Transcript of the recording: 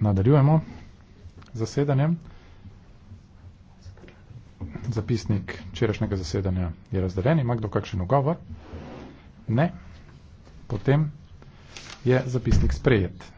Nadaljujemo z zasedanjem. Zapisnik včerajšnjega zasedanja je razdeljen. Ima kdo kakšen ugovor? Ne. Potem je zapisnik sprejet.